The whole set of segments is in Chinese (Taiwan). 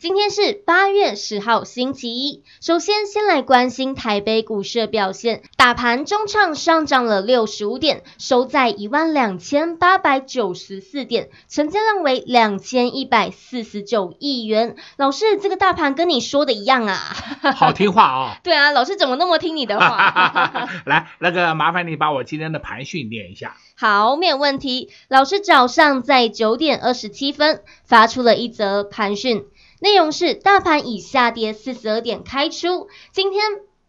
今天是八月十號，星期一。首先，先來關心台北股市的表現。大盤中場上漲了六十五點，收在一萬兩千八百九十四點，成交量為兩千一百四十九億元。老師，這個大盤跟你說的一樣啊？好聽話啊、哦？ 對啊，老師怎麼那麼聽你的話？ 來，那個麻煩你把我今天的盤訊念一下。好，沒有問題。老師早上在九點二十七分發出了一則盤訊。內容是：大盤以下跌四十二點開出。今天。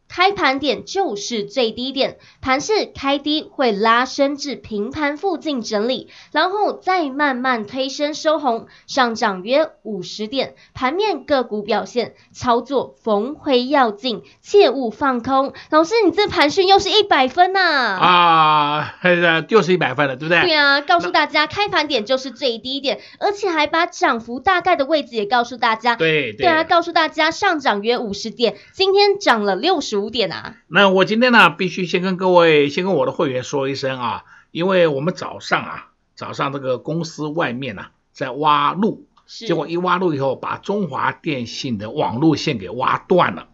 開盤點就是最低點，盤勢開低會拉升至平盤附近整理，然後再慢慢推升收紅，上漲約五十點。盤面個股表現，操作逢回要進，切勿放空。老師，你這盤訊又是一百分吶、啊？啊，就是一百分了，對不對？對呀、啊，告訴大家開盤點就是最低點，而且還把漲幅大概的位置也告訴大家。對對，對啊，告訴大家上漲約五十點，今天漲了六十。五點啊，那我今天呢，必須先跟各位，先跟我的會員說一聲啊，因為我們早上啊，早上這個公司外面呢、啊，在挖路，結果一挖路以後，把中華電信的網絡線給挖斷了，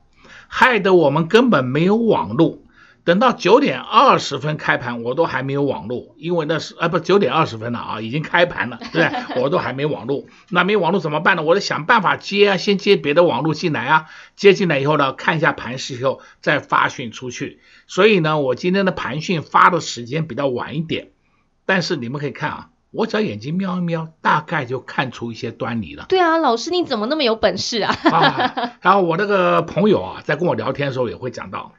害得我們根本沒有網絡。等到九點二十分開盤，我都還沒有網絡，因為那是，啊不，九點二十分了啊，已經開盤了，對不對？我都還沒網絡， 那沒網絡怎麼辦呢？我得想辦法接啊，先接別的網絡進來啊，接進來以後呢，看一下盤勢以後再發訊出去。所以呢，我今天的盤訊發的時間比較晚一點，但是你們可以看啊，我只要眼睛瞄一瞄，大概就看出一些端倪了。對啊，老師，你怎麼那麼有本事啊？ 啊，然後我那個朋友啊，在跟我聊天的時候也會講到。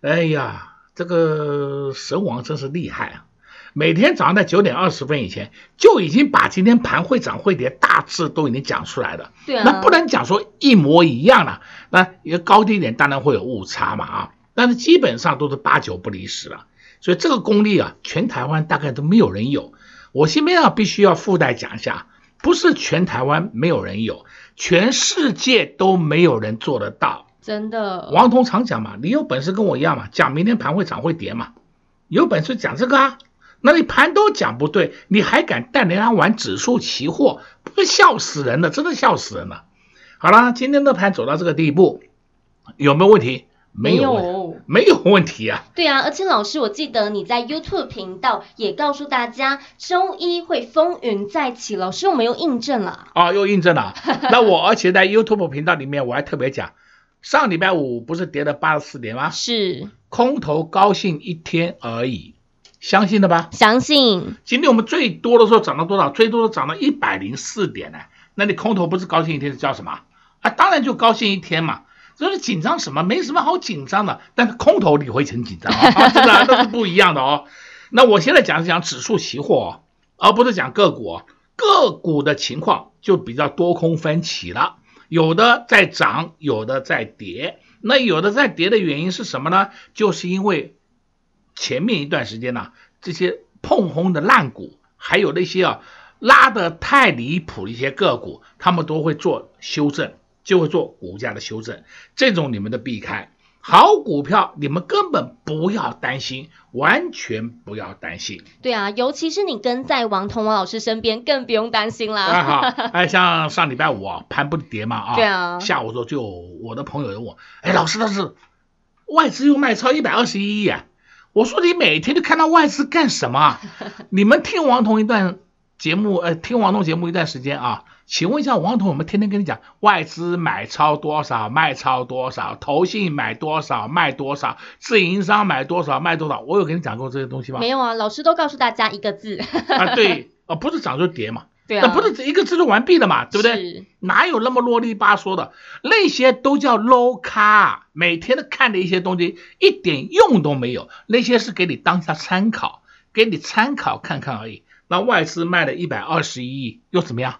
哎呀，這個神王真是厲害啊！每天早上在九點二十分以前就已經把今天盤會漲會跌，大致都已經講出來了。對啊，那不能講說一模一樣了，那一個高低點當然會有誤差嘛啊，但是基本上都是八九不離十了。所以這個功力啊，全台灣大概都沒有人有。我心裡面啊，必須要附帶講一下，不是全台灣沒有人有，全世界都沒有人做得到。真的，王通常講嘛，你有本事跟我一樣嘛，講明天盤會漲會跌嘛，有本事講這個啊，那你盤都講不對，你還敢帶人家玩指數期貨，不笑死人了，真的笑死人了。好啦，今天的盤走到這個地步，有沒有，沒有問題？沒有，沒有問題啊。對啊，而且老師，我記得你在 YouTube 頻道也告訴大家，周一會風雲再起，老師，我們又沒有印證了。啊、哦，又印證了。 那我而且在 YouTube 頻道裡面，我還特別講。上禮拜五不是跌了八十四點嗎？是空頭高興一天而已，相信的吧？相信。今天我們最多的時候漲到多少？最多的時候漲到一百零四點呢、哎。那你空頭不是高興一天是叫什麼？啊，當然就高興一天嘛。所以緊張什麼？沒什麼好緊張的。但是空頭你會很緊張、哦、 啊，真的都、啊、是不一樣的哦。那我現在講是講指數期貨，哦，而不是講個股。哦。個股的情況就比較多空分歧了。有的在漲，有的在跌。那有的在跌的原因是什麼呢？就是因為前面一段時間呢、啊，這些碰紅的爛股，還有那些啊拉得太離譜的一些個股，他們都會做修正，就會做股價的修正。這種你們的避開。好股票，你們根本不要擔心，完全不要擔心。對啊，尤其是你跟在王彤王老師身邊，更不用擔心啦。 哎，像上禮拜五啊，盤不跌嘛啊。啊下午的時候就我的朋友問我，哎，老師，老師外資又賣超一百二十一億啊。我說你每天都看到外資幹什麼？ 你們聽王彤一段節目，呃，聽王彤節目一段時間啊。請問一下王總，我們天天跟你講外資買超多少，賣超多少，投信買多少，賣多少，自營商買多少，賣多少，我有跟你講過這些東西嗎？沒有啊，老師都告訴大家一個字。 啊，對，啊，不是漲就跌嘛，對啊，不是一個字就完畢了嘛，對不對？是。哪有那麼囉里八嗦的？那些都叫 low 卡，每天看的一些東西一點用都沒有，那些是給你當下參考，給你參考看看而已。那外資賣了一百二十一億，又怎麼樣？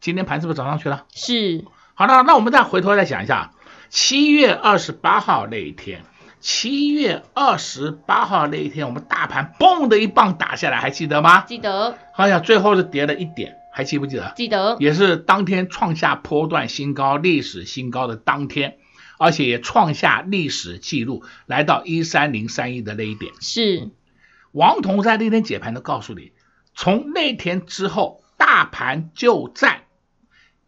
今天盤是不是漲上去了？是。好了，那我們再回頭再想一下，七月二十八號那一天，七月二十八號那一天，我們大盤嘣的一棒打下來，還記得嗎？記得。好像最後是跌了一點，還記不記得？記得。也是當天創下波段新高、歷史新高的當天，而且也創下歷史記錄，來到一三零三一的那一點。是。王彤在那天解盤都告訴你，從那天之後，大盤就在。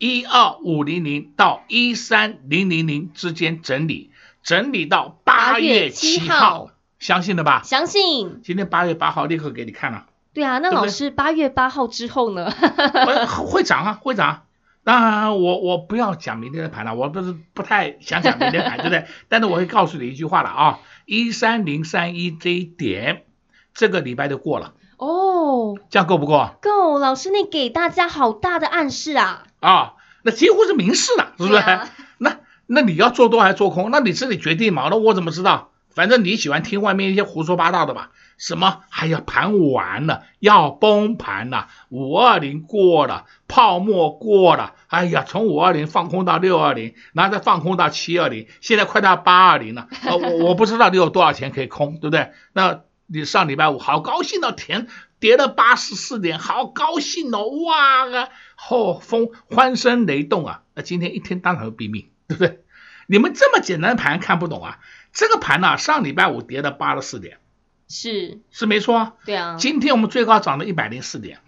一二五零零到一三零零零之間整理，整理到八月七號，相信了吧？相信。今天八月八號立刻給你看了、啊。對啊，那老師八月八號之後呢？會漲啊，會漲、啊。當然、啊，我我不要講明天的盤了、啊，我都是不太想講明天盤， 對不對？但是我會告訴你一句話了啊，一三零三一這一點，這個禮拜就過了。哦、oh，這樣夠不夠？夠。老師，那給大家好大的暗示啊！啊，那幾乎是明示了，是不是？Yeah. 那那你要做多還是做空？那你自己決定嘛，那我怎麼知道？反正你喜歡聽外面一些胡說八道的吧？什麼，哎呀，盤完了，要崩盤了，五二零過了，泡沫過了，哎呀，從五二零放空到六二零，然後再放空到七二零，現在快到八二零了，我、 呃、我不知道你有多少錢可以空，對不對？那。你上禮拜五好高興到、哦、天，跌了八十四點，好高興哦，哇啊，好、瘋、歡聲雷動啊！那今天一天當場斃命，對不對？你們這麼簡單的盤看不懂啊？這個盤呢、啊，上禮拜五跌了八十四點，是是沒錯，對啊。今天我們最高漲到一百零四點，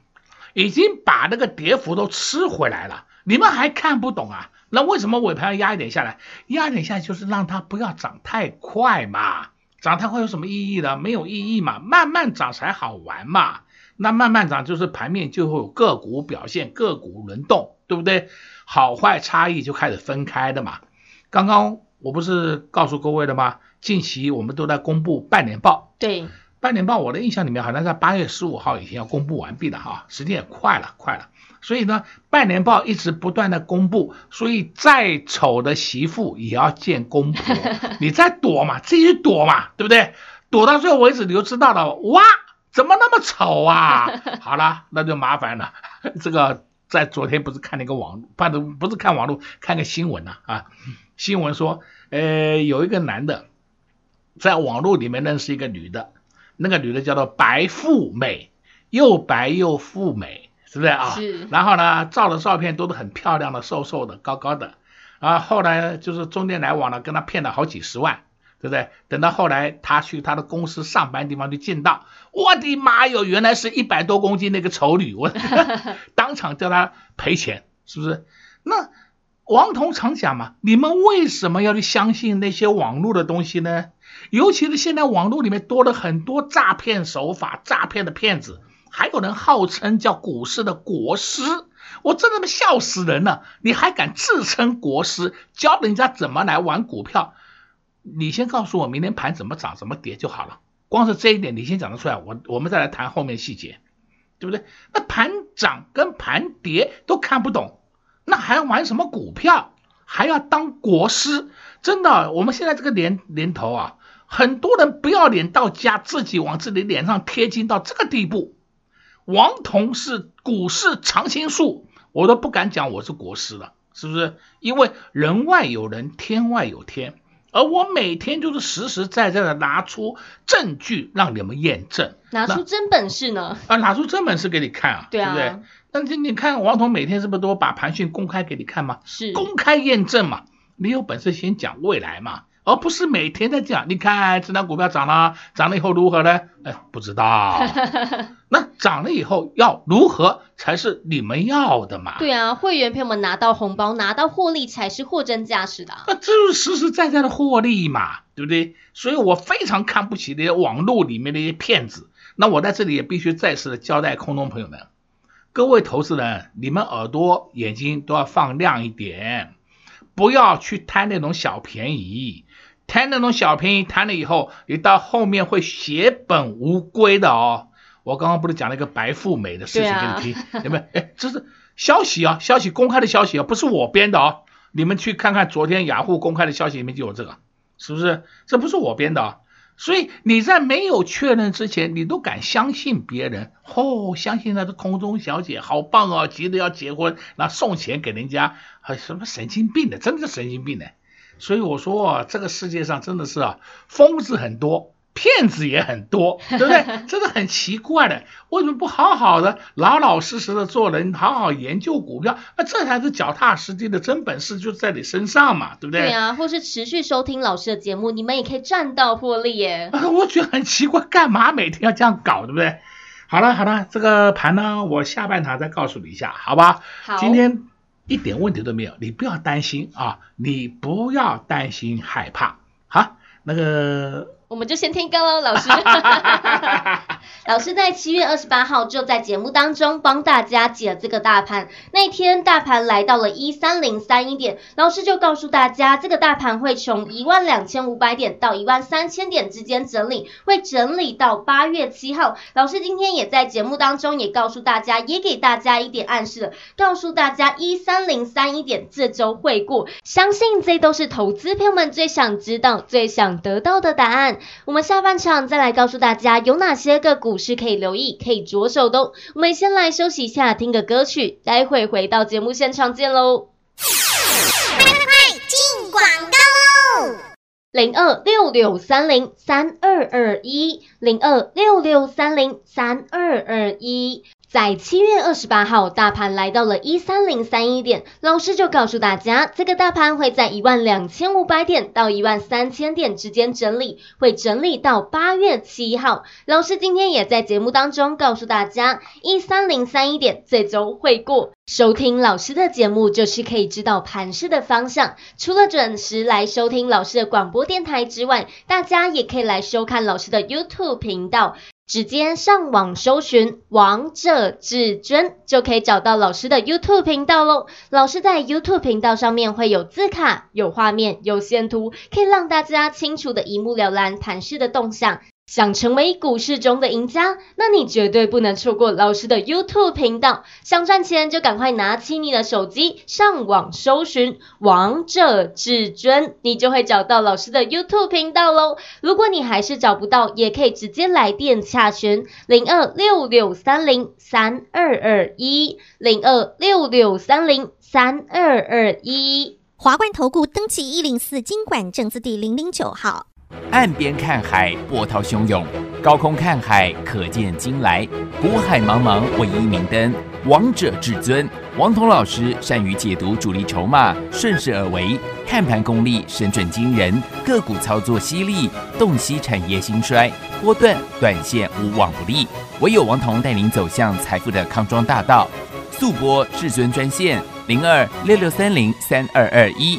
已經把那個跌幅都吃回來了，你們還看不懂啊？那為什麼尾盤要壓一點下來？壓一點下來就是讓它不要漲太快嘛。漲它會有什麼意義呢？沒有意義嘛，慢慢漲才好玩嘛。那慢慢漲就是盤面就會有個股表現，個股輪動，對不對？好壞差異就開始分開的嘛。剛剛我不是告訴各位了嗎？近期我們都在公布半年報。對。半年報，我的印象裡面好像在八月十五號以前要公布完畢了哈，時間也快了，快了。所以呢，半年報一直不斷的公布，所以再醜的媳婦也要見公婆，你再躲嘛，自己躲嘛，對不對？躲到最後為止，你就知道了，哇，怎麼那麼醜啊？好了，那就麻煩了。這個在昨天不是看那個網，不是不是看網絡，看個新聞吶啊，啊，新聞說，呃，有一個男的在網絡裡面認識一個女的。那個女的叫做白富美，又白又富美，是不是啊？是。然後呢，照的照片都是很漂亮的，瘦瘦的，高高的。啊，後來就是中間來往了，跟他騙了好幾十萬，對不對？等到後來他去他的公司上班地方就進到，我的媽喲，原來是一百多公斤那個醜女，我 當場叫他賠錢，是不是？那王彤常講嘛，你們為什麼要去相信那些網絡的東西呢？尤其是現在網絡裡面多了很多詐騙手法，詐騙的騙子，還有人號稱叫股市的國師，我真他媽笑死人了！你還敢自稱國師，教人家怎麼來玩股票？你先告訴我明天盤怎麼漲、怎麼跌就好了，光是這一點你先講得出來，我我們再來談後面細節，對不對？那盤漲跟盤跌都看不懂，那還要玩什麼股票？還要當國師？真的，我們現在這個年年頭啊，很多人不要臉到家，自己往自己臉上貼金到這個地步。王彤是股市常青樹，我都不敢講我是國師了，是不是？因為人外有人，天外有天。而我每天就是實實在在的拿出證據讓你們驗證，拿出真本事呢？啊，拿出真本事給你看啊，對啊，對不對？但是你看王彤每天是不是都把盤訊公開給你看嗎？是，公開驗證嘛。你有本事先講未來嘛，而不是每天在講。你看這張股票漲了，漲了以後如何呢？哎，不知道。 那漲了以後要如何才是你們要的嘛？對啊，會員朋友們拿到紅包，拿到獲利才是貨真價實的。那這是實實在在的獲利嘛，對不對？所以我非常看不起那些網絡裡面那些騙子。那我在這裡也必須再次的交代空中朋友們，各位投資人，你們耳朵、眼睛都要放亮一點。不要去貪那種小便宜，貪那種小便宜，貪了以後，你到後面會血本無歸的哦。我剛剛不是講了一個白富美的事情給你聽，有沒有？哎，這是消息啊，消息公開的消息啊，不是我編的哦、啊。你們去看看昨天雅虎公開的消息裡面就有這個，是不是？這不是我編的啊。所以你在沒有確認之前，你都敢相信別人？哦，相信那個空中小姐，好棒哦、啊，急着要結婚，那送錢給人家，什麼神經病的，真的是神經病的。所以我說啊，這個世界上真的是啊，瘋子很多。騙子也很多，對不對？真的很奇怪的，為 什麼不好好的、老老實實的做人，好好研究股票？那這才是腳踏實地的真本事，就在你身上嘛，對不對？對啊，或是持續收聽老師的節目，你們也可以賺到獲利耶。我覺得很奇怪，幹嘛每天要這樣搞，對不對？好了好了，這個盤呢，我下半場再告訴你一下，好吧？好，今天一點問題都沒有，你不要擔心啊，你不要擔心害怕。好、啊，那個。我們就先聽歌嘍，老師。 老師在七月二十八號就在節目當中幫大家解了這個大盤。那天大盤來到了一三零三一點，老師就告訴大家，這個大盤會從一萬兩千五百點到一萬三千點之間整理，會整理到八月七號。老師今天也在節目當中也告訴大家，也給大家一點暗示，告訴大家一三零三一點這週會過。相信這都是投資朋友們最想知道、最想得到的答案。我們下半場再來告訴大家有哪些個股是可以留意，可以着手的、哦。我們先來休息一下，聽個歌曲，待會回到節目現場見嘍。快進廣告嘍！零二六六三零三二二一，零二六六三零三二二一。在七月二十八號，大盤來到了一三零三一點，老師就告訴大家，這個大盤會在一萬兩千五百點到一萬三千點之間整理，會整理到八月七號。老師今天也在節目當中告訴大家，一三零三一點最終會過。收聽老師的節目就是可以知道盤勢的方向。除了準時來收聽老師的廣播電台之外，大家也可以來收看老師的 YouTube 頻道。直接上網搜尋王者至尊，就可以找到老師的 YouTube 頻道嘍。老師在 YouTube 頻道上面會有字卡、有畫面、有線圖，可以讓大家清楚的一目了然，盤勢的動向。想成為股市中的贏家，那你絕對不能錯過老師的 YouTube 頻道。想賺錢就趕快拿起你的手機，上網搜尋“王者至尊”，你就會找到老師的 YouTube 頻道嘍。如果你還是找不到，也可以直接來電洽詢零二六六三零三二二一零二六六三零三二二一。華冠投顧登記一零四金管證字第零零九號。岸邊看海，波濤洶湧；高空看海，可見鯨來。湖海茫茫，唯一明燈。王者至尊，王彤老師善於解讀主力籌碼，順勢而為，看盤功力神準驚人，個股操作犀利，洞悉產業興衰，波段短線無往不利。唯有王彤帶您走向財富的康莊大道。速播至尊專線零二六六三零三二二一。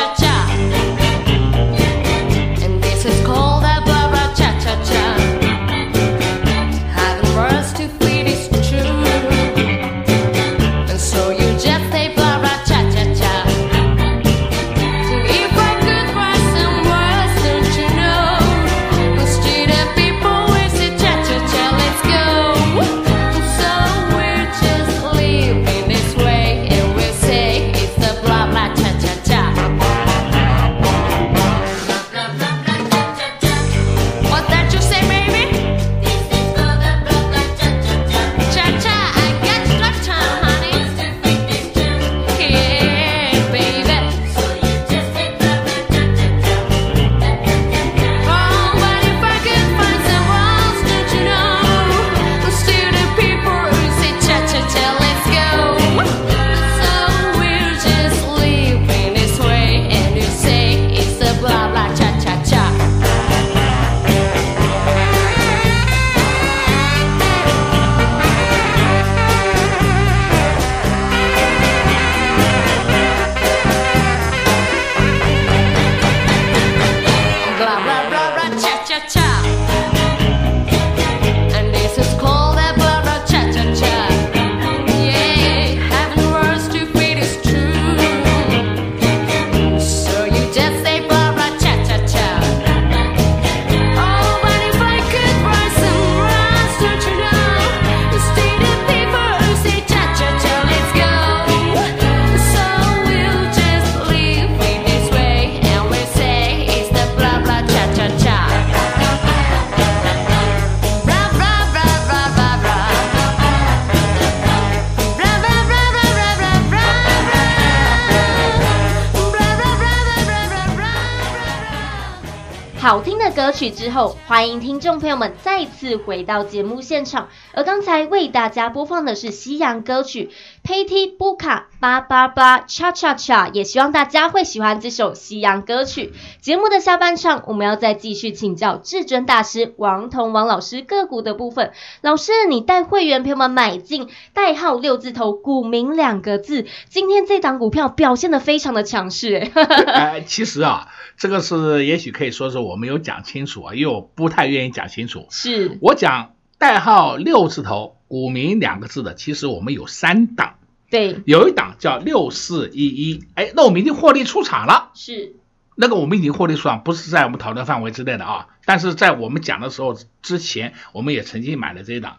歌曲之後，歡迎聽眾朋友們再次回到節目現場。而剛才為大家播放的是西洋歌曲。K T 不卡八八八，恰恰恰，也希望大家會喜歡這首西洋歌曲。節目的下半場，我們要再繼續請教至尊大師王彤王老師個股的部分。老師，你帶會員朋友們買進代號六字頭股名兩個字，今天這檔股票表現的非常的強勢。欸，哈，哎，其實啊，這個是也許可以說是我沒有講清楚啊，因為我不太願意講清楚。是我講代號六字頭股名兩個字的，其實我們有三檔。對，有一檔叫六四一一，哎，那我們已經獲利出場了。是，那個我們已經獲利出場，不是在我們討論範圍之內的啊。但是在我們講的時候之前，我們也曾經買了這一檔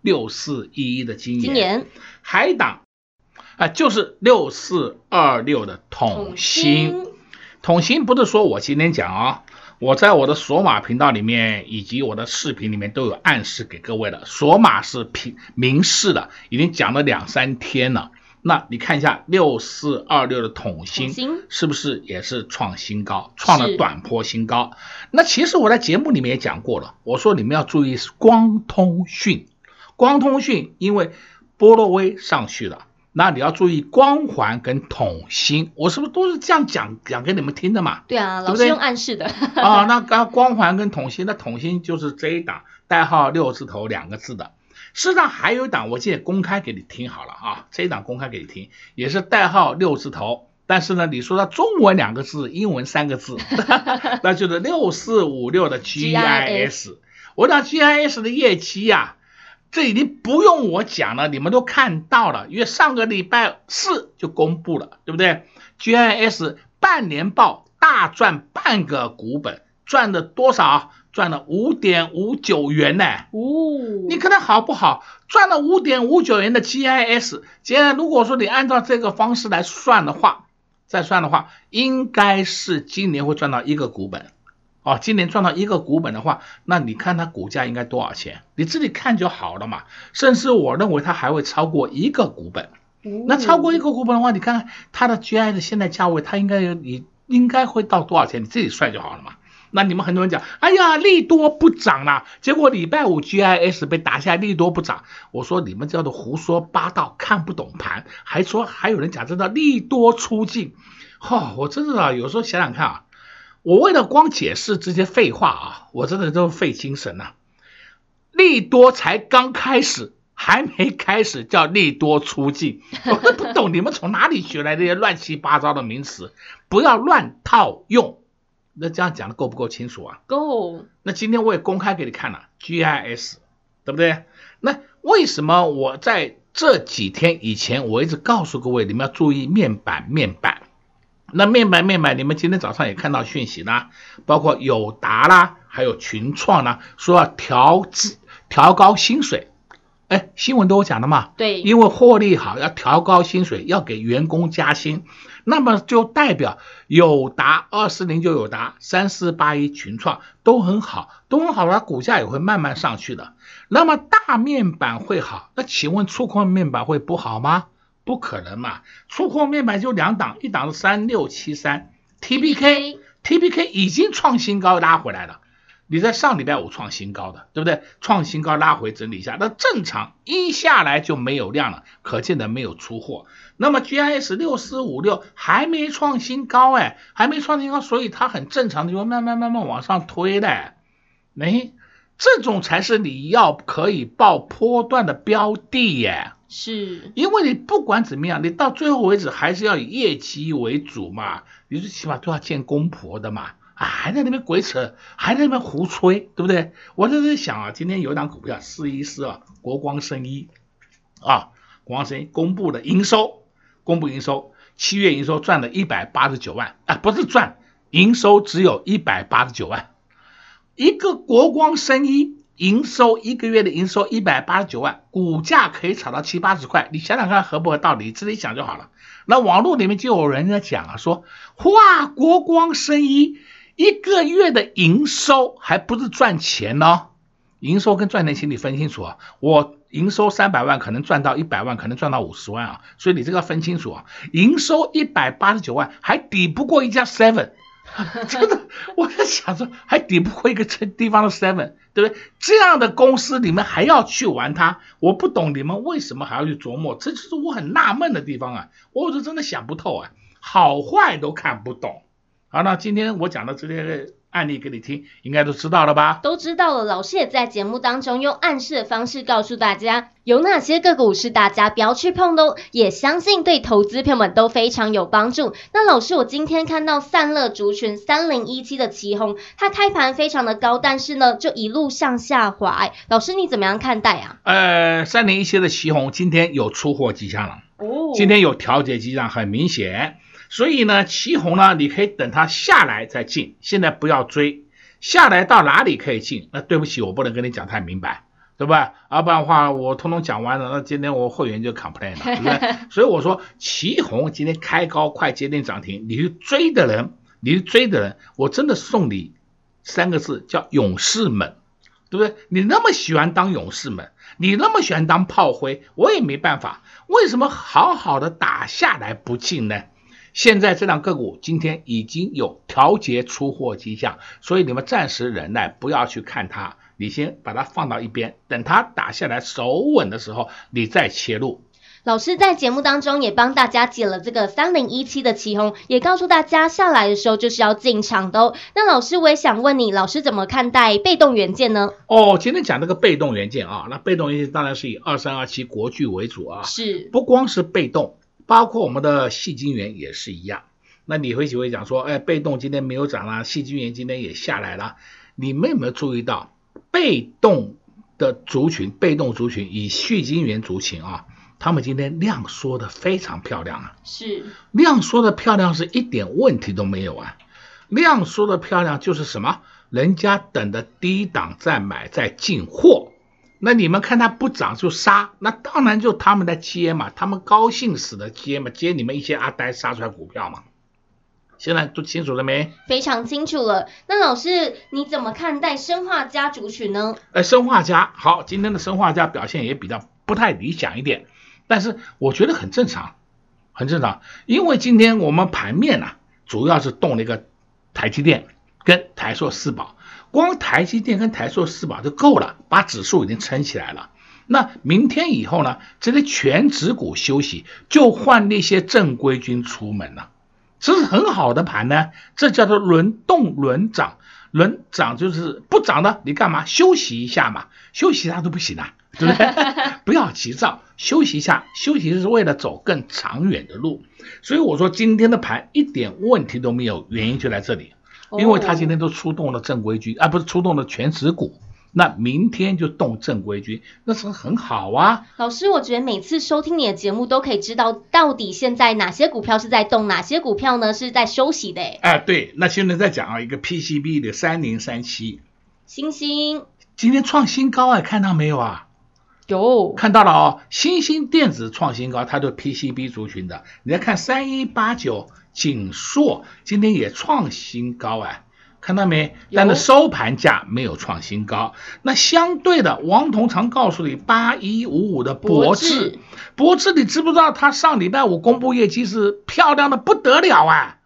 六四一一的晶焱。今年還有一檔啊、呃，就是六四二六的統新，統新不是說我今天講啊，我在我的鎖碼頻道裡面以及我的視頻裡面都有暗示給各位的，鎖碼是平明示的，已經講了兩三天了。那你看一下六四二六的統新是不是也是創新高，創了短波新高？那其實我在節目裡面也講過了，我說你們要注意光通訊，光通訊因為波若威上去了，那你要注意光環跟統新，我是不是都是這樣講講給你們聽的嘛？對啊，老師用暗示的啊、哦，那光環跟統新，那統新就是這一檔，代號六字頭兩個字的。市場還有一檔，我記得公開給你聽好了啊！這一檔公開給你聽，也是代號六字頭，但是呢，你說它中文兩個字，英文三個字， 那就是六四五六的，GIS，G I S。我講 G I S 的業績呀，啊，這已經不用我講了，你們都看到了，因為上個禮拜四就公布了，對不對？G I S 半年報大賺半個股本，賺的多少？賺了五點五九元呢，哦，你看它好不好？賺了五點五九元的 GIS，既然如果說你按照這個方式來算的話，再算的話，應該是今年會賺到一個股本，哦，今年賺到一個股本的話，那你看它股價應該多少錢？你自己看就好了嘛。甚至我認為它還會超過一個股本，那超過一個股本的話，你看它的 GIS 的現在價位，它應該有你應該會到多少錢？你自己算就好了嘛。那你們很多人講，哎呀，利多不漲啦，結果禮拜五 GIS 被打下，利多不漲。我說你們這樣的胡說八道，看不懂盤，還說還有人講，這叫利多出盡，哈、哦，我真的啊，有時候想想看啊，我為了光解釋這些廢話啊，我真的都費精神了、啊。利多才剛開始，還沒開始叫利多出盡，我都不懂你們從哪裡學來這些亂七八糟的名詞，不要亂套用。那這樣講的夠不夠清楚啊？夠。那今天我也公開給你看了，GIS，對不對？那為什麼我在這幾天以前我一直告訴各位，你們要注意面板面板？那面板面板，你們今天早上也看到訊息啦，包括友達啦，還有群創啦，說要調資調高薪水。哎，新聞都講了嘛，對，因為獲利好，要調高薪水，要給員工加薪，那麼就代表友達、二四零九、友達、三四八一群創都很好，都很好的話，它股價也會慢慢上去的。那麼大面板會好，那請問觸控面板會不好嗎？不可能嘛，觸控面板就兩檔，一檔是三六七三，TPK，TPK 已經創新高，拉回來了。你在上禮拜五創新高的，對不對？創新高拉回整理一下，那正常，一下來就沒有量了，可見的沒有出貨。那麼 GIS 6456還沒創新高哎，還沒創新高，所以它很正常的，就會慢慢慢慢往上推的。誒、哎、這種才是你要可以抱波段的標的耶、哎。是，因為你不管怎麼樣，你到最後為止還是要以業績為主嘛，你最起碼都要見公婆的嘛。啊、還在那邊鬼扯，還在那邊胡吹，對不對？我就在想啊，今天有一檔股票四一四二，國光生醫啊，國光生醫公布的營收，公布營收，七月營收賺了一百八十九萬啊，不是賺，營收只有一百八十九萬，一個國光生醫營收一個月的營收一百八十九萬，股價可以炒到七八十塊，你想想看合不合道理？自己想就好了。那網絡裡面就有人在講啊，說哇國光生醫。一個月的營收還不是賺錢呢、哦？營收跟賺錢，錢，請你分清楚啊！我營收三百萬，可能賺到一百萬，可能賺到五十萬啊！所以你這個要分清楚啊！營收一百八十九萬還抵不過一家 Seven，真的，我在想說，還抵不過一個地方的 Seven，對不對？這樣的公司你們還要去玩它？我不懂你們為什麼還要去琢磨，這就是我很納悶的地方啊！我就真的想不透啊，好壞都看不懂。好，那今天我講的這些案例給你聽，應該都知道了吧？都知道了，老師也在節目當中用暗示的方式告訴大家，有哪些個股是大家不要去碰的，也相信對投資朋友們都非常有幫助。那老師，我今天看到散熱族群三零一七的奇鋐，它開盤非常的高，但是呢就一路向下滑，欸，老師你怎麼樣看待啊？呃，三零一七的奇鋐今天有出貨跡象了，哦，今天有調節跡象，很明顯。所以呢，奇鋐呢，你可以等它下來再進，現在不要追。下來到哪裡可以進？那、呃、對不起，我不能跟你講太明白，對吧？要、啊、不然的話，我通通講完了，那今天我會員就 complain 了。對吧？ 所以我說，奇鋐今天開高快接近漲停，你去追的人，你去追的人，我真的送你三個字叫勇士們，對不對？你那麼喜歡當勇士們，你那麼喜歡當炮灰，我也沒辦法。為什麼好好的打下來不進呢？現在這兩個股今天已經有調節出貨跡象，所以你們暫時忍耐，不要去看它，你先把它放到一邊，等它打下來手穩的時候，你再切入。老師在節目當中也幫大家解了這個三零一七的奇鋐，也告訴大家下來的時候就是要進場的哦。那老師我也想問你，老師怎麼看待被動元件呢？哦，今天講這個被動元件啊，那被動元件當然是以二三二七國巨為主啊，是不光是被動。包括我們的矽晶圓也是一樣，那你會不會講說，哎，被動今天沒有漲啦，矽晶圓今天也下來啦，你們有沒有注意到，被動的族群，被動族群以矽晶圓族群啊，他們今天量縮得非常漂亮啊，是量縮的漂亮，是一點問題都沒有啊，量縮的漂亮就是什麼？人家等的低檔再買再進貨。那你們看它不漲就殺，那當然就他們在接嘛，他們高興死了接嘛，接你們一些阿呆殺出來股票嘛。現在都清楚了沒？非常清楚了。那老師你怎麼看待生化家族群呢？哎，生化家好，今天的生化家表現也比較不太理想一點，但是我覺得很正常，很正常，因為今天我們盤面啊，主要是動了一個台積電跟台塑四寶。光台積電跟台塑四寶就夠了，把指數已經撐起來了。那明天以後呢？這些權值股休息，就換那些正規軍出門了。這是很好的盤呢，這叫做輪動輪漲，輪漲就是不漲的，你幹嘛休息一下嘛？休息一下都不行啊，對不對？ 不要急躁，休息一下，休息是為了走更長遠的路。所以我說今天的盤一點問題都沒有，原因就在這裡。因為他今天都出動了正規軍，oh. 啊，不是出動了權值股，那明天就動正規軍，那是很好啊。老師，我覺得每次收聽你的節目都可以知道到底現在哪些股票是在動，哪些股票呢是在休息的。哎、啊，對，那現在再講啊，一個 PCB 的三零三七，星星今天創新高啊，看到沒有啊？有看到了哦，欣興電子創新高，它就是 PCB 族群的。你再看三一八九景碩，今天也創新高啊，看到沒？但是收盤價沒有創新高。那相對的，王彤常告訴你八一五五的博智，博智，你知不知道他上禮拜五公布業績是漂亮的不得了啊？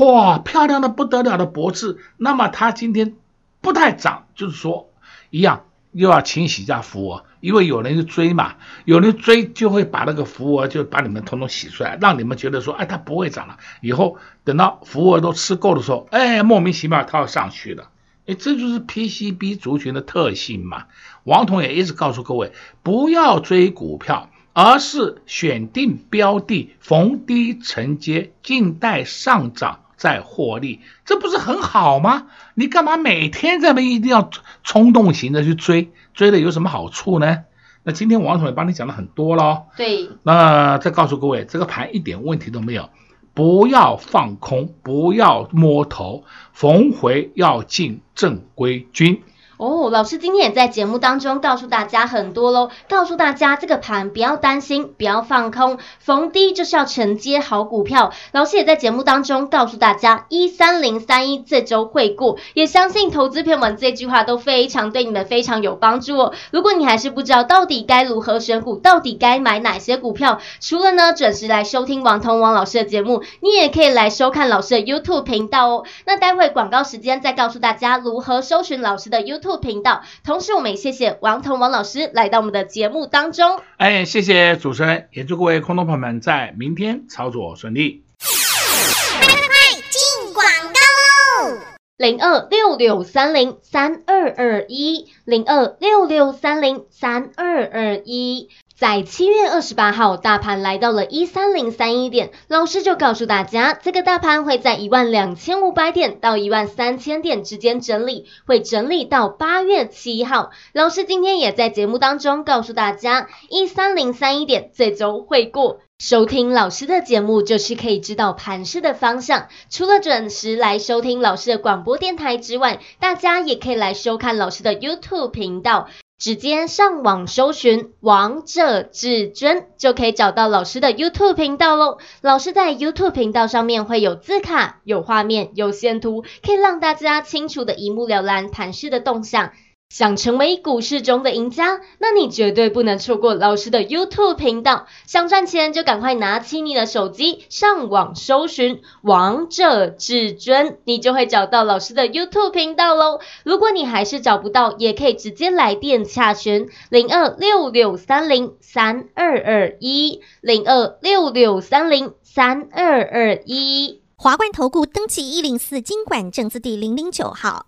哇，漂亮的不得了的博智，那麼它今天不太漲，就是說一樣。又要清洗一下浮額，因為有人去追嘛，有人追就會把那個浮額，就把你們統統洗出來，讓你們覺得說，哎，它不會漲了。以後等到浮額都吃夠的時候，哎，莫名其妙它要上去了。哎，這就是 PCB 族群的特性嘛。王總也一直告訴各位，不要追股票，而是選定標的，逢低承接，靜待上漲。再獲利，這不是很好嗎？你幹嘛每天在那一定要衝動型的去追？追了有什麼好處呢？那今天王總也幫你講了很多嘍。對，那再告訴各位，這個盤一點問題都沒有，不要放空，不要摸頭，逢回要進正規軍。哦，老師今天也在節目當中告訴大家很多嘍，告訴大家這個盤不要擔心，不要放空，逢低就是要承接好股票。老師也在節目當中告訴大家，一三零三一這周會過，也相信投資朋友們這句話都非常對你們非常有幫助哦。如果你還是不知道到底該如何選股，到底該買哪些股票，除了呢準時來收聽王通王老師的節目，你也可以來收看老師的 YouTube 頻道哦。那待會廣告時間再告訴大家如何搜尋老師的 YouTube。頻道，同時我們也謝謝王彤王老師來到我們的節目當中。哎，謝謝主持人，也祝各位觀眾朋友們在明天操作順利。快快快進廣告嘍！零二六六三零三二二一，零二六六三零三二二一。在七月二十八號，大盤來到了一三零三一點，老師就告訴大家，這個大盤會在一萬兩千五百點到一萬三千點之間整理，會整理到八月七號。老師今天也在節目當中告訴大家，一三零三一點最終會過。收聽老師的節目就是可以知道盤勢的方向。除了準時來收聽老師的廣播電台之外，大家也可以來收看老師的 YouTube 頻道。直接上網搜尋“王者至尊”，就可以找到老師的 YouTube 頻道嘍。老師在 YouTube 頻道上面會有字卡、有畫面、有線圖，可以讓大家清楚的一目了然盤勢的動向。想成為股市中的贏家，那你絕對不能錯過老師的 YouTube 頻道。想賺錢就趕快拿起你的手機，上網搜尋“王者至尊”，你就會找到老師的 YouTube 頻道嘍。如果你還是找不到，也可以直接來電洽詢零二六六三零三二二一零二六六三零三二二一。華冠投顧登記一零四金管證字第零零九號。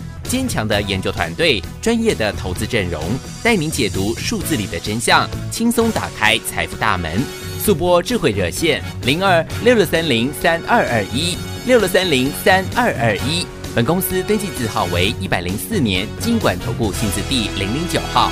堅強的研究團隊，專業的投資陣容，帶您解讀數字裡的真相，輕鬆打開財富大門。速撥智慧熱線零二六六三零三二二一六六三零三二二一。本公司登記字號為一百零四年金管投顧新字第零零九號。